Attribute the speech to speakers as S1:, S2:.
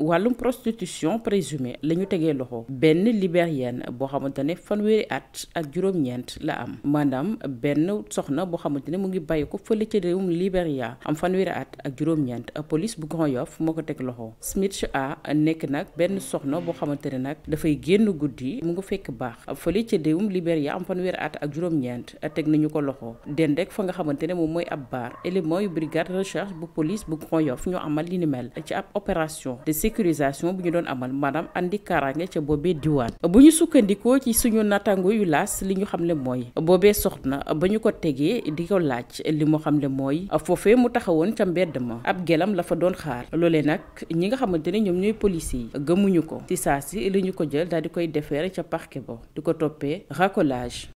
S1: wàllum prostitution présumée la ñu tegee loxo benn libérienne boo xamante ne fanweeri at ak juróom-ñeent la am maanaam benn soxna boo xamante ne mu ngi bàyyi ko fële ca réewum Libéria am fanweeri at ak juróom-ñeent police bu Grand Yoff moo ko teg loxo Smith a nekk nag benn soxna boo xamante ne nag dafay génn guddi mu ngi fekk baax fële ca réewum Libéria am fanweeri at ak juróom teg nañu ko loxo dend rek fa nga xamante ne moom mooy ab baar élément yu brigade recherche bu police bu Grand Yoff ñu amal li ni mel ci ab opération sécurisation bu ñu doon amal maanaam andi kaaraange ca boobee diwaan bu ñu sukkandikoo ci suñu nattango yu laas li ñu xam ne mooy boobee soxna ba ñu ko tegee di ko laaj li mu xam ne mooy foofee mu taxawoon ca mbedd ma ab gelam la fa doon xaar loole nag ñi nga xamante ne ñoom ñooy police yi gëmuñu ko ci saa si ñu ko jël daal di koy defeere ca parquet ba di ko toppee
S2: racolage